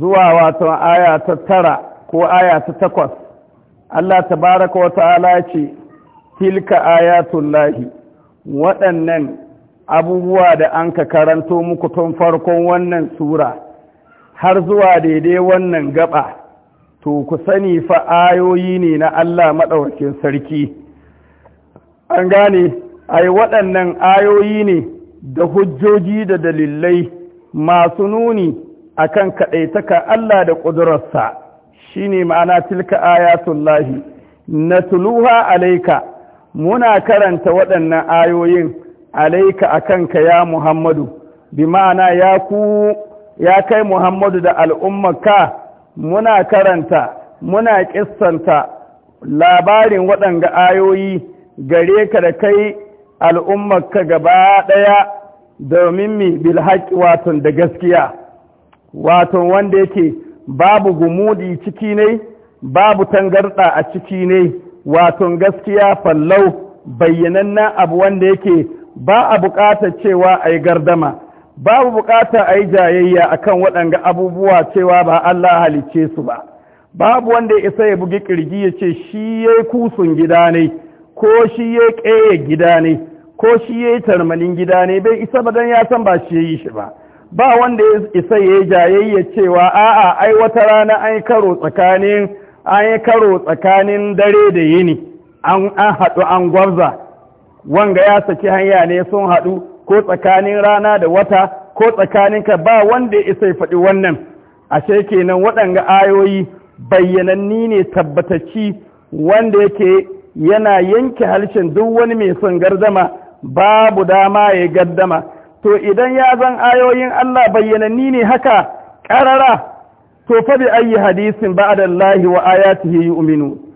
zuwa wato ayata tara ko ayata takwas Allah tabaraka wa ta'ala ce tilka ayatul waɗannan abubuwa da an ka karanto muku tun farkon wannan sura har zuwa daidai wannan gaba to ku sani fa ayoyi ne na Allah maɗaukakin sarki an gane ai waɗannan ayoyi ne da hujjoji da dalilai masu nuni akan kaɗaitaka Allah da ƙudurarsa shine ma'ana tilka ayatullahi tuluha alaika muna karanta waɗannan ayoyin alaika ka ya muhammadu bi ma'ana ya ku ya kai muhammadu da ka muna karanta muna kissanta labarin waɗanga ayoyi gare ka da kai ka gaba ɗaya domin mi bilhaƙi waton da gaskiya waton wanda yake babu gumudi ciki ne babu tangarɗa a ciki ne waton gaskiya fallau bayyanannen abu wanda yake ba a buƙatar cewa a yi gardama babu buƙatar a yi jayayya kan waɗanga abubuwa cewa ba Allah halice su ba babu wanda ya isa ya bugi ƙirji ya ce shi ya yi kusun gida ne ko shi ya ƙeye gida ne ko shi ya yi tarmanin gida ne bai isa ba don ya san ba shi ya yi shi ba ba wanda ya isa ya yi jayayya cewa a'a ai wata rana an yi karo tsakanin an yi karo tsakanin dare da yini an haɗu an gwabza wanga ya saki hanya ne sun haɗu ko tsakanin rana da wata ko tsakanin ka ba wanda ya isa ya faɗi wannan ashe kenan waɗanga ayoyi bayyananni ne tabbatacci wanda yake yana yanke harshen duk wani mai son gardama babu dama ya gardama to idan ya zan ayoyin Allah bayyananni ne haka ƙarara to fa bi ayi hadisin ba'da Allah wa ayatihi yu'minu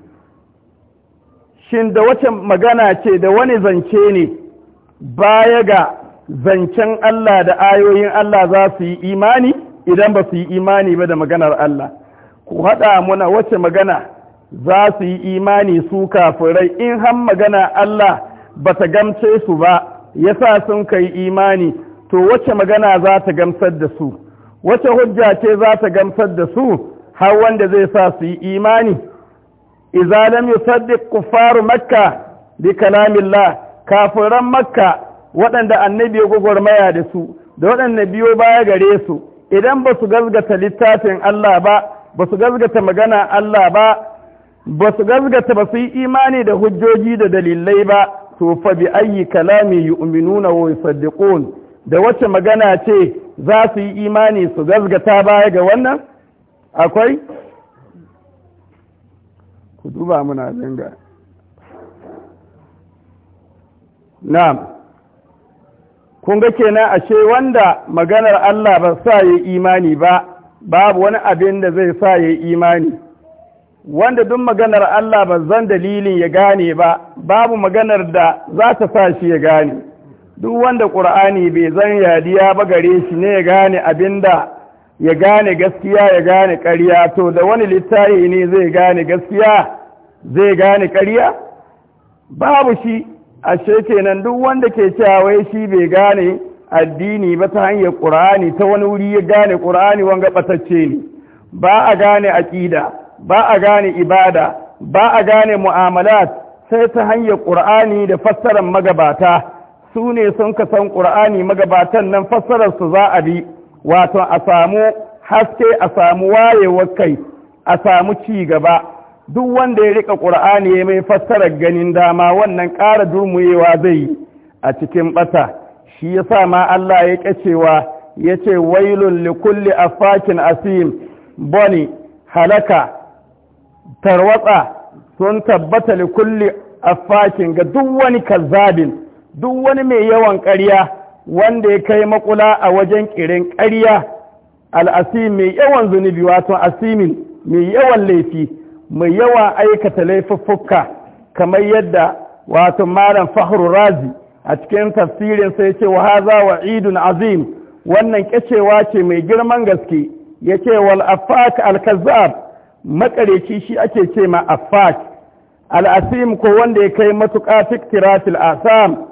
shin da wace magana ce da wani zance ne baya ga zancen Allah da ayoyin Allah za su yi imani idan ba su yi imani ba da maganar Allah ku haɗa muna wace magana za su yi imani su kafirai in har magana Allah ba ta gamce su ba ya sa sun kai imani to wace magana za ta gamsar da su wace hujja ce za ta gamsar da su har wanda zai sa su yi imani izalami lam yusaddiq makka bi kalamillah kafiran makka waɗanda annabi ya gwagwarmaya da su da waɗanda biyo baya gare su idan ba su gazgata littafin Allah ba ba su gazgata magana Allah ba ba su gazgata ba su yi imani da hujjoji da dalilai ba to fa bi ayyi kalami yu'minuna wa yusaddiqun da wacce magana ce za su yi imani su gazgata baya ga wannan akwai ku duba muna zanga na'am kun ga kenan ashe wanda maganar Allah ba sa yi imani ba babu wani abin da zai sa yi imani wanda duk maganar Allah ba zan dalilin ya gane ba babu maganar da za ta sa shi ya gane duk wanda ƙur'ani bai zan yadiya ba gare shi ne ya gane abin da ya gane gaskiya ya gane ƙarya to da wani littafi ne zai gane gaskiya zai gane ƙarya babu shi ashe kenan duk wanda ke cewa shi bai gane addini ba ta hanyar ƙur'ani ta wani wuri ya gane ƙur'ani wanga ɓatacce ne ba a gane aƙida ba a gane ibada ba a gane mu'amalat sai ta hanyar ƙur'ani da fassarar magabata su ne sun ka san ƙur'ani magabatan nan fassararsu za a bi wato a samu haske a samu wayewar kai a samu ci gaba duk wanda ya rika ƙur'ani ya mai fassarar ganin dama wannan ƙara durmuyewa zai yi a cikin ɓata shi ya sa ma Allah ya ƙacewa ya ce wailun likulli afakin asim boni halaka tarwatsa sun tabbata likulli afakin ga duk wani kazzabin duk wani mai yawan ƙarya wanda ya kai makula a wajen ƙirin ƙarya al'asim mai yawan zunubi wato asimin mai yawan laifi mai yawan aikata laifuffuka kamar yadda wato malam fahru razi a cikin tafsirin sai ce wa haza wa idun azim wannan ƙyacewa ce mai girman gaske ya ce wal afak alkazab makareci shi ake ce ma afak al'asim ko wanda ya kai matuƙa fiktiratil asam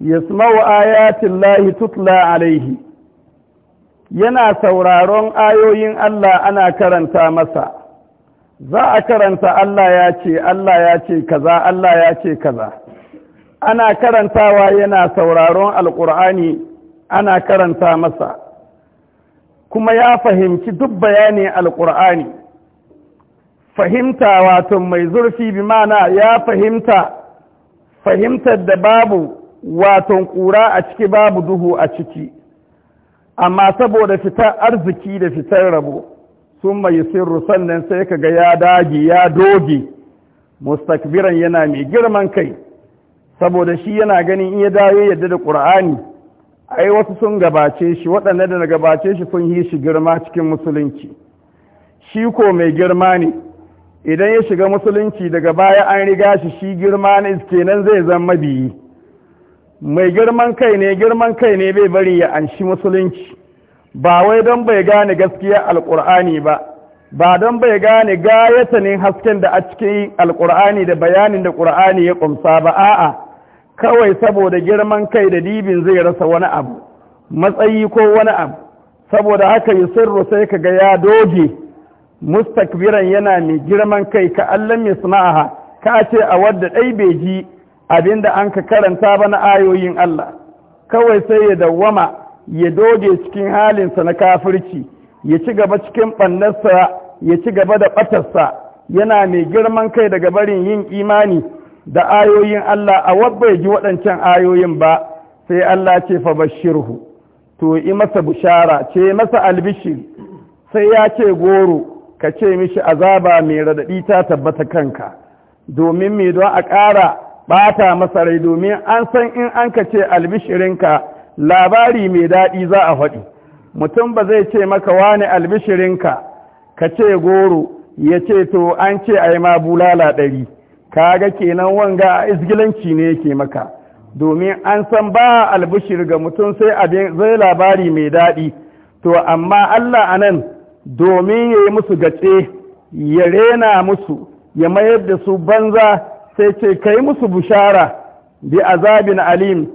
yasma'u ayatin lahi tutla alaihi yana sauraron ayoyin Allah ana karanta masa za a karanta Allah ya ce Allah ya ce kaza Allah ya ce kaza ana karantawa yana sauraron alkur'ani ana karanta masa kuma ya fahimci duk bayani alkur'ani fahimta wato mai zurfi bi ma'ana ya fahimta fahimtar da babu waton ƙura a ciki babu duhu a ciki amma saboda fitar arziki da fitar rabo sun mai sirru sannan sai ka ga ya dage ya doge mustakbiran yana mai girman kai saboda shi yana ganin iya dawo yadda da ƙur'ani ai wasu sun gabace shi waɗanda da na gabace shi sun yi shi girma cikin musulunci shi ko mai girma ne idan ya shiga musulunci daga baya an riga shi shi girma ne kenan zai zama biyi mai girman kai ne girman kai ne bai bari ya anshi musulunci ba wai don bai gane gaskiya alkur'ani ba ba don bai gane gayatanin hasken da a cikin alkur'ani da bayanin da ƙur'ani ya ƙumsa ba a'a kawai saboda girman kai da dibin zai rasa wani abu matsayi ko wani abu saboda haka yi sirru sai ka ga ya doge mustakbiran yana mai girman kai ka allon mai sana'a ka ce a wadda ɗai bai ji Abin da an ka karanta ba na ayoyin Allah kawai sai ya dawwama ya doge cikin halinsa na kafirci ya ci gaba cikin ɓannarsa ya ci gaba da ɓatarsa yana mai girman kai daga barin yin imani da ayoyin Allah a wabba ji waɗancan ayoyin ba sai Allah ce fa bashirhu to yi masa bushara ce masa albishir sai ya ce goro ka ce mishi azaba mai raɗaɗi ta tabbata kanka domin me don a ƙara bata masarai domin an san in an ka ce albishirinka labari mai daɗi za a faɗi mutum ba zai ce maka wani albishirinka ka ce goro ya ce to an ce a yi ma bulala ɗari kaga kenan wanga izgilanci ne yake maka domin an san ba albishir ga mutum sai abin zai labari mai daɗi to amma Allah a nan domin ya yi musu gace ya rena musu ya mayar da su banza sai ce kai musu bushara bi azabin alim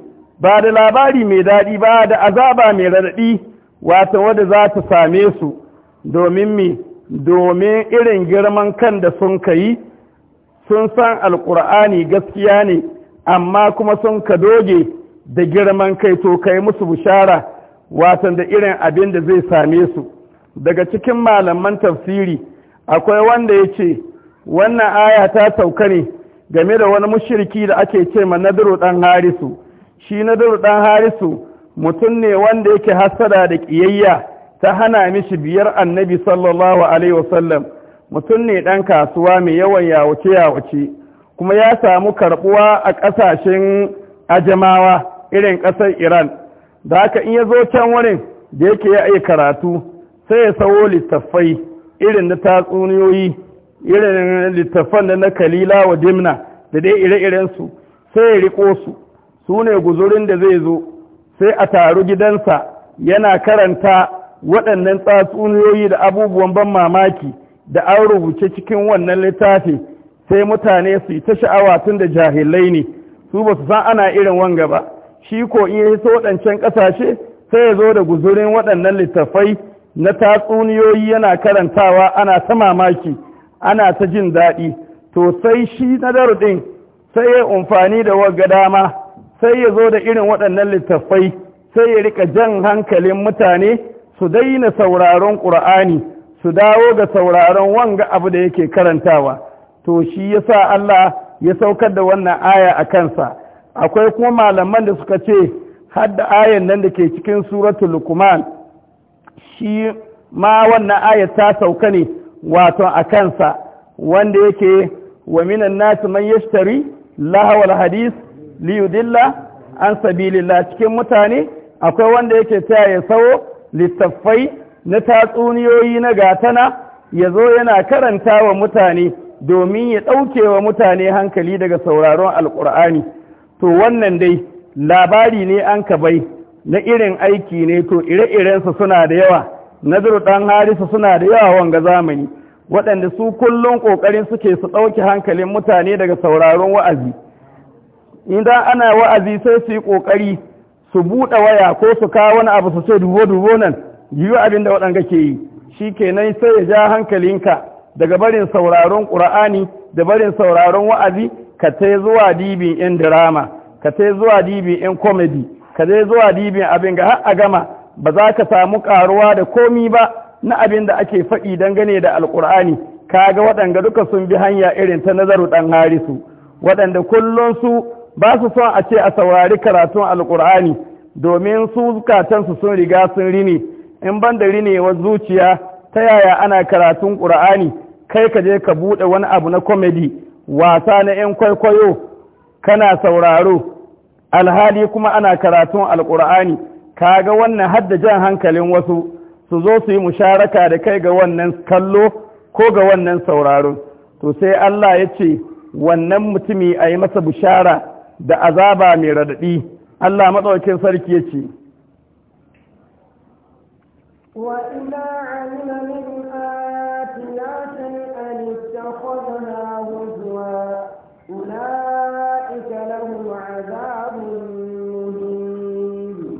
ba da labari mai daɗi ba da azaba mai raɗaɗi wata wadda za ta same su domin mi domin irin girman kan da sun kayi sun san alƙur'ani gaskiya ne amma kuma sun ka doge da girman kai to kai musu bushara watan da irin abin da zai same su daga cikin malaman tafsiri akwai wanda ya ce wannan aya ta sauka ne game da wani mushriki da ake ce ma nadiru dan harisu shi nadiru dan harisu mutum ne wanda yake hasada da kiyayya ta hana mishi biyar annabi sallallahu alaihi wasallam mutum ne dan kasuwa mai yawan yawace yawace kuma ya samu karbuwa a kasashen ajamawa irin kasar iran da haka in ya zo can wurin da yake ya karatu sai ya sawo littattafai irin na tatsuniyoyi irin littafan da na kalila wa dimna da dai ire iren su sai ya riko su su ne guzurin da zai zo sai a taru gidansa yana karanta waɗannan tsatsuniyoyi da abubuwan ban mamaki da an rubuce cikin wannan littafi sai mutane su yi ta sha'awa tun da jahilai ne su ba su san ana irin wanga ba shi ko in yi waɗancan ƙasashe sai ya zo da guzurin waɗannan littafai na tatsuniyoyi yana karantawa ana ta mamaki ana ta jin daɗi to sai shi na ɗin sai ya umfani da waga dama sai ya zo da irin waɗannan littattafai sai ya rika jan hankalin mutane su daina sauraron ƙur'ani su dawo ga sauraron wanga abu da yake karantawa to shi ya sa Allah ya saukar da wannan aya a kansa akwai kuma malaman da suka ce hadda ayan nan da ke cikin suratul lukman, shi ma wannan aya ta sauka ne wato a kansa wanda yake wa minan nasu man yashtari lahawal hadis li yudilla an sabilillah cikin mutane akwai wanda yake ta ya sawo littattafai na tatsuniyoyi na gatana ya zo yana karanta wa mutane domin ya ɗauke wa mutane hankali daga sauraron alƙur'ani to wannan dai labari ne an ka bai na irin aiki ne to ire-irensa suna da yawa nadiru ɗan harisu suna da yawa wanga zamani waɗanda su kullum ƙoƙarin suke su ɗauki hankalin mutane daga sauraron wa'azi idan ana wa'azi sai su yi ƙoƙari su buɗe waya ko su kawo wani abu su ce dubo-dubo nan yiwu abin da waɗanda ke yi shi kenan sai ya ja hankalinka daga barin sauraron ƙura'ani da barin sauraron wa'azi ka ta zuwa dibin 'yan dirama ka ta zuwa dibin 'yan komedi ka ta zuwa dibin abin ga har a gama ba za ka samu ƙaruwa da komi ba na abin da ake faɗi dangane da alkur'ani ga waɗanda duka sun bi hanya irin ta nazaru ɗan harisu waɗanda kullum su ba su son a ce a saurari karatun alkur'ani domin su katansu sun riga sun rini in ban da rinewar zuciya ta yaya ana karatun ƙur'ani kai ka je ka buɗe wani abu na komedi wasa na 'yan kwaikwayo kana sauraro alhali kuma ana karatun alkur'ani kaga wannan hadda jan hankalin wasu su zo su yi musharaka da kai ga wannan kallo ko ga wannan sauraro to sai Allah ya ce wannan mutumi a yi masa bushara da azaba mai raɗaɗi, Allah maɗaukin sarki ya ce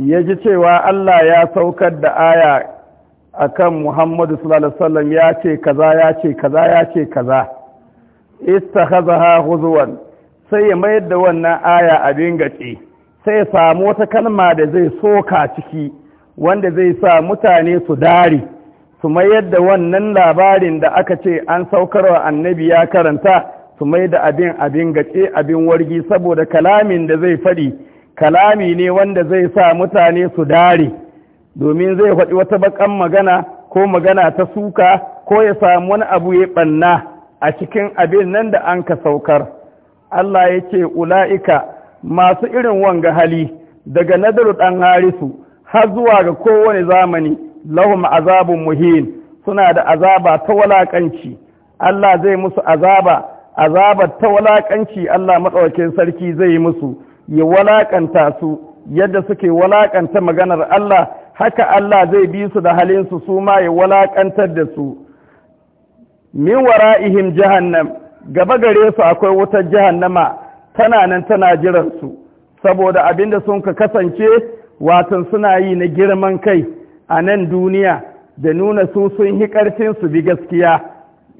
ya ji cewa Allah ya saukar da aya akan Muhammadu sallallahu alaihi wasallam ya ce kaza ya ce kaza ya ce kaza istakhazaha huzwan sai ya mayar da wannan aya abin gace sai ya samu wata kalma da zai soka ciki wanda zai sa mutane su dare su mayar da wannan labarin da aka ce an saukarwa annabi ya karanta su mai da abin abin gace abin wargi saboda kalamin da zai faɗi kalami ne wanda zai sa mutane su dare domin zai faɗi wata bakan magana ko magana ta suka ko ya samu wani abu ya ɓanna a cikin abin nan da an ka saukar Allah ya ce ula'ika masu irin wanga hali daga nadaru ɗan harisu har zuwa ga kowane zamani lahum azabun muhin suna da azaba ta walakanci Allah zai musu azaba azabar ta walakanci Allah matsaukin sarki zai musu ya walakanta su yadda suke walakanta maganar Allah haka Allah zai bi su da halin su ma ya walakantar da su min wara'ihim jahannam gaba gare su akwai wutar jahannama tana nan tana jiran su saboda abinda sun ka kasance watan suna yi na girman kai a nan duniya da nuna su sun yi karfin su bi gaskiya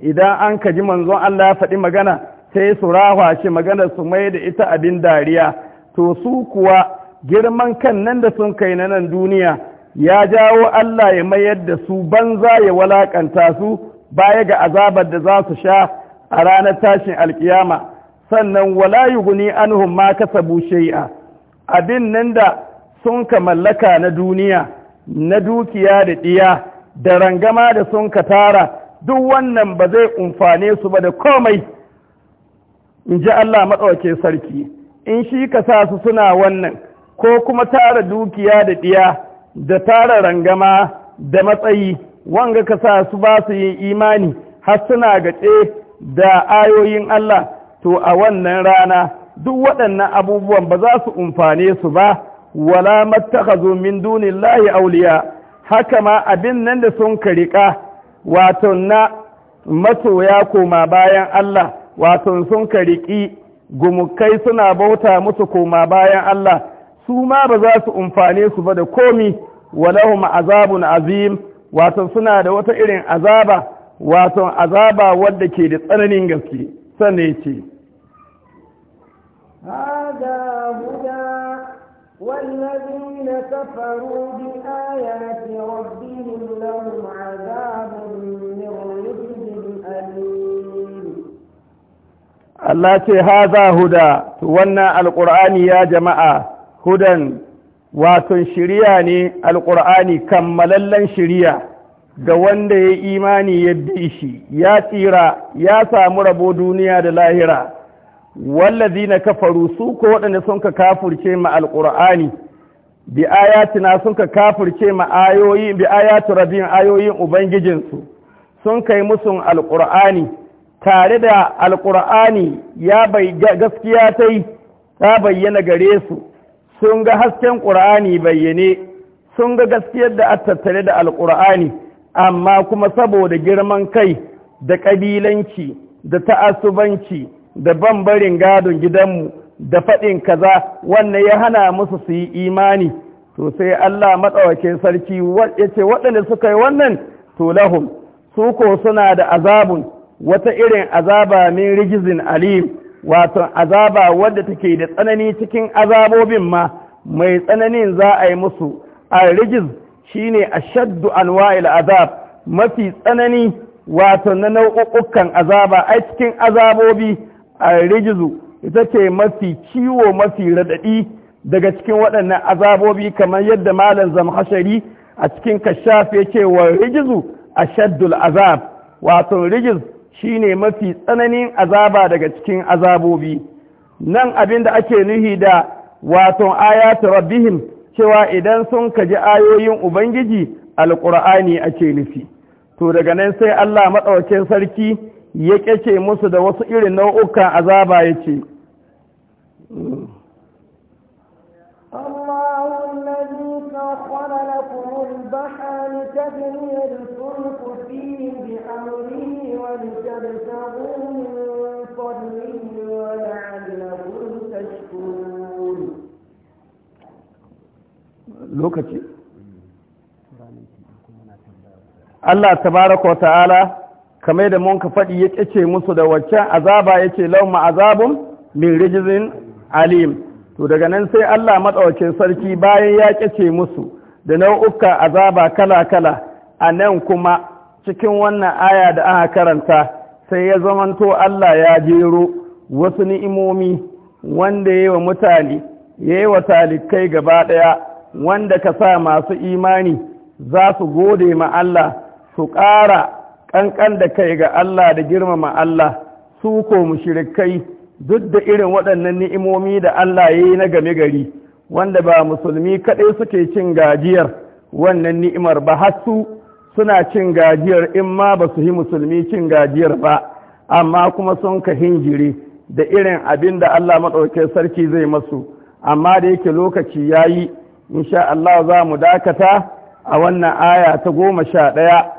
idan an ka ji manzon Allah ya faɗi magana sai su rahwa shi maganar su mai da ita abin dariya to su kuwa girman kan nan da sun kai na nan duniya ya jawo Allah ya mayar da su banza ya walakanta su baya ga azabar da za su sha a ranar tashin alkiyama sannan wala yughni anhum ma kasabu shay'a abin nan da sun ka mallaka na duniya na dukiya da ɗiya da rangama da sun ka tara duk wannan ba zai umfane su ba da komai in ji Allah maɗauke sarki in shi ka sa su suna wannan ko kuma tara dukiya da ɗiya da tara rangama da matsayi wanga ka sa su ba su yin imani har suna gace da ayoyin Allah to a wannan rana duk waɗannan abubuwan ba za su umfane su ba wala mattakhazu min dunillahi awliya haka ma abin nan da sun karika wato na masoya koma bayan Allah wato sun kariki gumukai suna bauta musu koma bayan Allah su ma ba za su umfane su ba da komi walahum azabun azim wato suna da wata irin azaba wato azaba wadda ke da tsananin gaske sanne ce هذا هدى والذين كفروا بآيات ربهم لهم عذاب Allah ce haza huda wannan alƙur'ani ya jama'a hudan waton shiriya ne alƙur'ani kammalallen shiriya ga wanda ya imani ya bi shi ya tsira ya samu rabo duniya da lahira wallazi na kafaru su ko waɗanda sun ka kafurce ma alƙur'ani bi ayatina sun ka kafurce ma ayoyi bi ayatu rabin ayoyin ubangijinsu sun kai musun alƙur'ani tare da Alƙur'ani ya bai gaskiya ta yi ta bayyana gare su sun ga hasken ƙur'ani bayyane sun ga gaskiyar da a tattare da alkur'ani amma kuma saboda girman kai da ƙabilanci da ta'asubanci da bambarin gadon gidanmu da faɗin kaza wannan ya hana musu su yi imani to sai Allah matsawakin sarki ya ce waɗanda suka yi wannan to lahum su ko suna da azabun wata irin azaba min rigizin alim wato azaba wadda take da tsanani cikin azabobin ma mai tsananin za a yi musu a rigiz shine ashaddu anwa'il azab mafi tsanani wato na nau'ukan azaba ai cikin azabobi a rigizu ita ce mafi ciwo mafi radadi daga cikin waɗannan azabobi kamar yadda malam zamhashari a cikin kashaf ya ce wa rigizu ashaddul azab wato rigiz Shi ne mafi tsananin azaba daga cikin azabobi nan abin da ake nuhi da wato ayatu rabbihim cewa idan sun kaji ayoyin ubangiji Alƙur'ani ake nufi to daga nan sai Allah madaukakin sarki ya ƙyace musu da wasu irin nau'ukan azaba ya ce. lokaci Allah tabaraka wa ta'ala kamar da mun ka faɗi ya ƙyace musu da waccan azaba ya ce lauma azabun min rijizin alim to daga nan sai Allah matsawacin sarki bayan ya ƙyace musu da nau'uka azaba kala-kala a nan kuma cikin wannan aya da aka karanta sai ya zamanto Allah ya jero wasu ni'imomi wanda ya yi wa mutane ya yi wa talikai gaba ɗaya wanda ka sa masu imani za su gode ma Allah su ƙara ƙanƙan da kai ga Allah da girmama Allah su ko mushrikai duk da irin waɗannan ni'imomi da Allah ya yi na game gari wanda ba musulmi kaɗai suke cin gajiyar wannan ni'imar ba har su suna cin gajiyar in ma ba su yi musulmi cin gajiyar ba amma kuma sun ka hinjire da irin abin da Allah maɗauke sarki zai masu amma da yake lokaci ya yi insha Allah za mu dakata a wannan aya ta goma sha ɗaya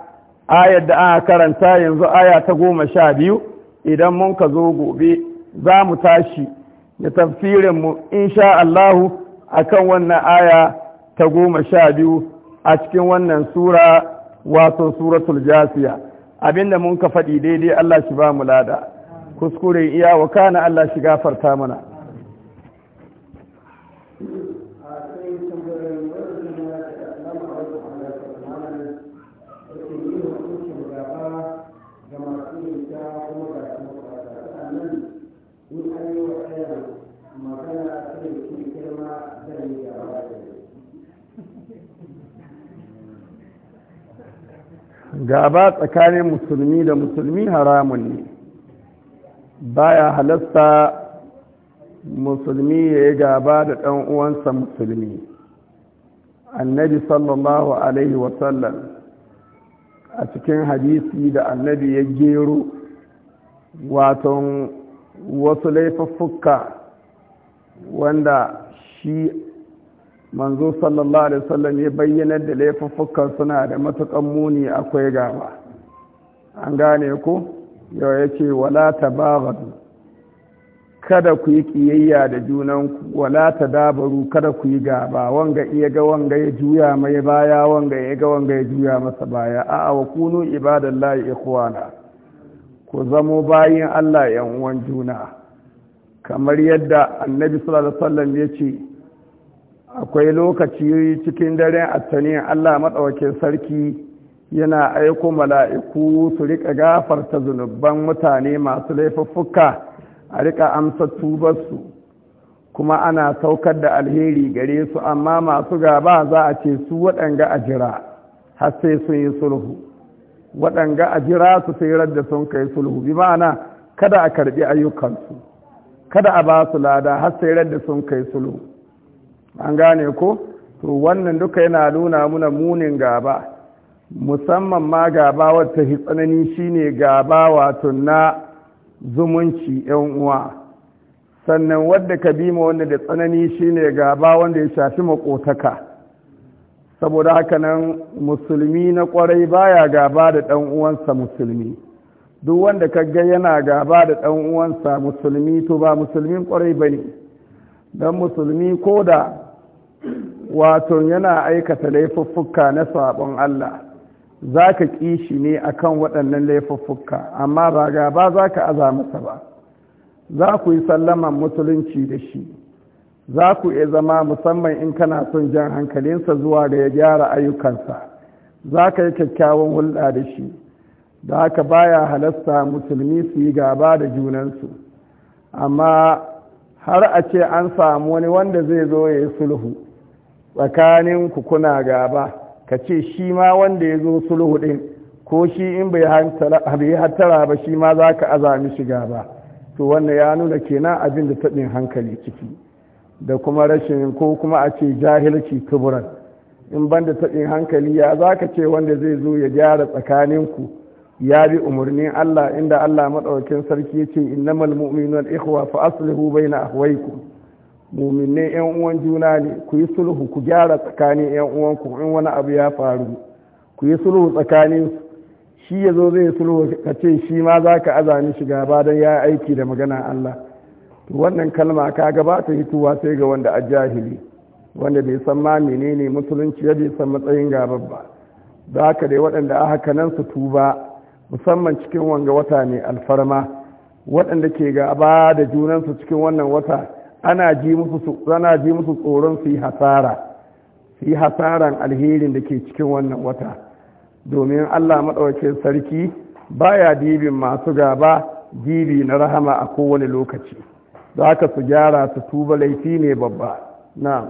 ayar da aka karanta yanzu aya ta goma sha biyu idan mun ka zo gobe za mu tashi da tafsirinmu insha Allah a kan wannan aya ta goma sha biyu a cikin wannan sura wato suratul jasiya abinda mun ka faɗi daidai Allah shi ba mu lada kuskure iya wa kana Allah shi gafarta mana gaba tsakanin musulmi da musulmi haramun ne baya halasta musulmi ya yi gaba da ɗan uwansa musulmi annabi sallallahu alaihi wasallam a cikin hadisi da annabi ya gero waton wasu laifuffuka wanda shi manzo sallallahu alaihi wasallam ya bayyana da laifuffukan suna da matukan muni akwai gaba an gane ku yau ya ce wala tabaghadu kada ku yi kiyayya da junanku wala tadabaru kada ku yi gaba wanga iya ga wanga ya juya mai baya wanga ya ga wanga ya juya masa baya a'a wa kunu ibadallahi ikhwana ku zamo bayin Allah yan uwan juna kamar yadda annabi sallallahu alaihi wasallam ya ce akwai lokaci cikin daren tani Allah maɗaukin sarki yana aiko mala'iku su riƙa gafarta zunubban mutane masu laifuffuka a riƙa amsa tubarsu kuma ana saukar da alheri gare su amma masu gaba za a ce su waɗanga a jira har sai sun yi sulhu waɗanga a jira su sai da sun kai sulhu bi ma'ana kada a karɓi ayyukansu kada a ba su lada har sai da sun kai sulhu an gane ko to wannan duka yana nuna muna munin gaba musamman ma gaba wata tsanani shine gaba wato na zumunci yan uwa sannan wadda ka bi ma wanda da tsanani shine gaba wanda ya shafi makotaka saboda haka nan musulmi na kwarai baya gaba da ɗan uwansa musulmi duk wanda ka ga yana gaba da ɗan uwansa musulmi to ba musulmin kwarai bane dan musulmi ko da wato yana aikata laifuffuka na sabon Allah za ka ƙi shi ne kan waɗannan laifuffuka amma ba gaba za ka aza masa ba za ku yi sallaman musulunci da shi za ku iya zama musamman in kana son jan hankalinsa zuwa da ya gyara ayyukansa za ka yi kyakkyawan hulɗa da shi da haka baya halasta musulmi su yi gaba da junansu amma har a ce an samu wani wanda zai zo ya yi sulhu tsakanin ku kuna gaba ka ce shi ma wanda ya zo sulhu ɗin ko shi in bai hattara ba shi ma za ka azami shi gaba to wannan ya nuna kenan abin da taɓin hankali ciki da kuma rashin ko kuma a ce jahilci tuburan in ban da taɓin hankali ya za ka ce wanda zai zo ya gyara tsakanin ku ya bi umarnin Allah inda Allah maɗaukin sarki ya ce innamal mu'minun ikhwa fa aslihu na ahwaykum muminai yan uwan juna ne ku yi sulhu ku gyara tsakanin yan uwanku in wani abu ya faru ku yi sulhu tsakanin shi ya zo zai sulhu ka ce shi ma za ka azami shiga ba don ya aiki da magana Allah to wannan kalma ka gaba ta hituwa sai ga wanda a jahili wanda bai san ma menene musulunci ya bai san matsayin gaba ba da haka dai waɗanda a haka nan su tuba musamman cikin wanga wata ne alfarma waɗanda ke gaba da junansu cikin wannan wata ana ji musu tsoron su yi hasara su yi hasaran alherin da ke cikin wannan wata domin allah maɗaukin sarki baya dibin masu gaba dibi na rahama a kowane lokaci za ka su gyara su tuba laifi ne babba na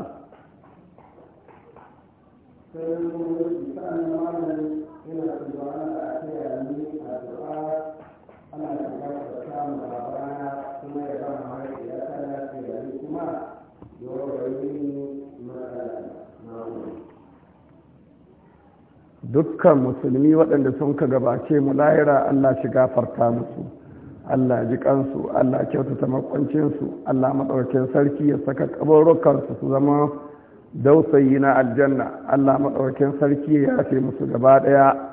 kuma dukkan musulmi waɗanda sun ka gabace mu lahira Allah shi gafarta musu Allah ji kansu Allah kyautata makwancinsu Allah maɗaukin sarki ya saka kabarukansu su zama dausayi na aljanna Allah maɗaukin sarki ya yafe musu gaba ɗaya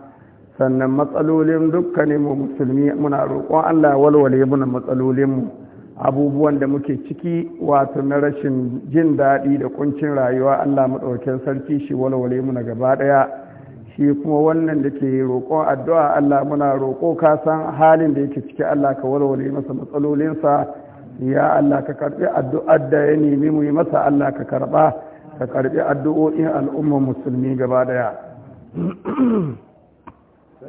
sannan matsalolin dukkanin mu musulmi muna roƙon Allah walwale muna matsalolin abubuwan da muke ciki wato na rashin jin daɗi da ƙuncin rayuwa Allah maɗaukin sarki shi walwale muna gaba ɗaya shi kuma wannan da ke roƙon addu'a Allah muna roƙo ka san halin da yake ciki Allah ka walwale masa matsalolinsa ya Allah ka karɓi addu'ar da ya nemi mu yi masa Allah ka karɓa ka karɓi addu'o'in al'ummar musulmi gaba ɗaya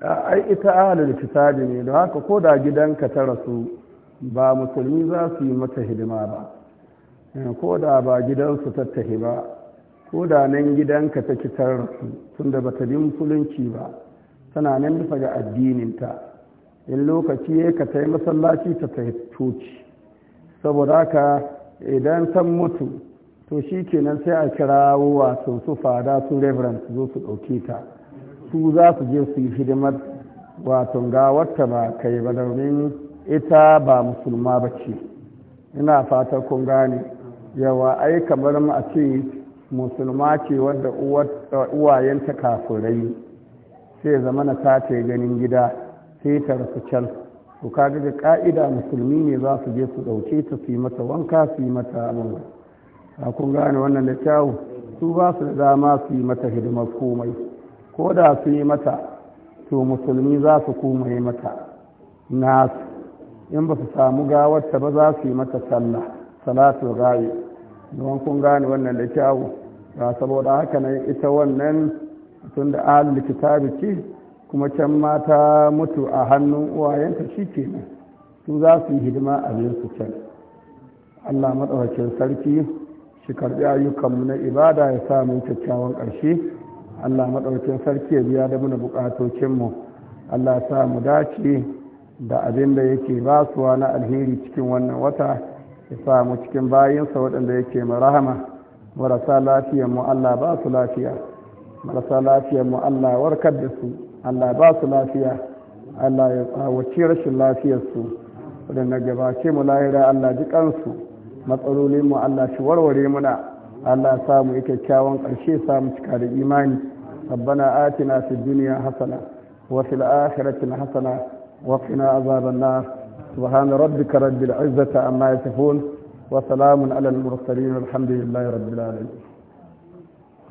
ai ita ahalul kitabi ne don haka ko da gidanka ta rasu ba musulmi za su yi mata hidima ba ko da ba gidansu tattahi ba ko da nan gidanka ta kitar rasu tunda ba ta bi musulunci ba tana nan bisa ga addininta in lokaci ya ka ta yi masallaci ta ta toci saboda haka idan san mutu to shi kenan sai a kirawo wato su fada su reverence zo su ɗauke ta su za su je su yi hidimar wato ga wata ba kai ba domin ita ba musulma ba ce ina fata kun gane yawa ai kamar mu a ce musulma ce wadda uwayenta kafurai sai zamana ta ce ganin gida sai ta rasu can to kaga ga ka'ida musulmi ne za su je su ɗauke ta su yi mata wanka su yi mata abin a kun gane wannan da kyawu su ba su da dama su yi mata hidimar komai ko da su yi mata to musulmi za su kuma yi mata nasu in ba su samu gawarta ba za su yi mata sallah salatu gaye don kun gane wannan da kyawu ba saboda haka na ita wannan tun da ahalul kitabi ce kuma can mata mutu a hannun uwayenta shi ke ne su za su yi hidima a su can allah maɗaukakin sarki shi karɓi ayyukanmu na ibada ya sa kyakkyawan ƙarshe Allah maɗaukin sarki ya biya da muna buƙatocinmu Allah sa mu dace da abin da yake basuwa na alheri cikin wannan wata ya sa mu cikin bayinsa waɗanda yake mu rahama marasa lafiyar mu Allah ba su lafiya marasa lafiyar Allah warkar da su Allah ba su lafiya Allah ya tsawaci rashin lafiyar su waɗanda gabace mu lahira Allah ji kansu matsalolin mu Allah shi warware muna Allah samu kyakkyawan ƙarshe samu cika da imani ربنا آتنا في الدنيا حسنة وفي الآخرة حسنة وقنا عذاب النار سبحان ربك رب العزة عما يصفون وسلام على المرسلين والحمد لله رب العالمين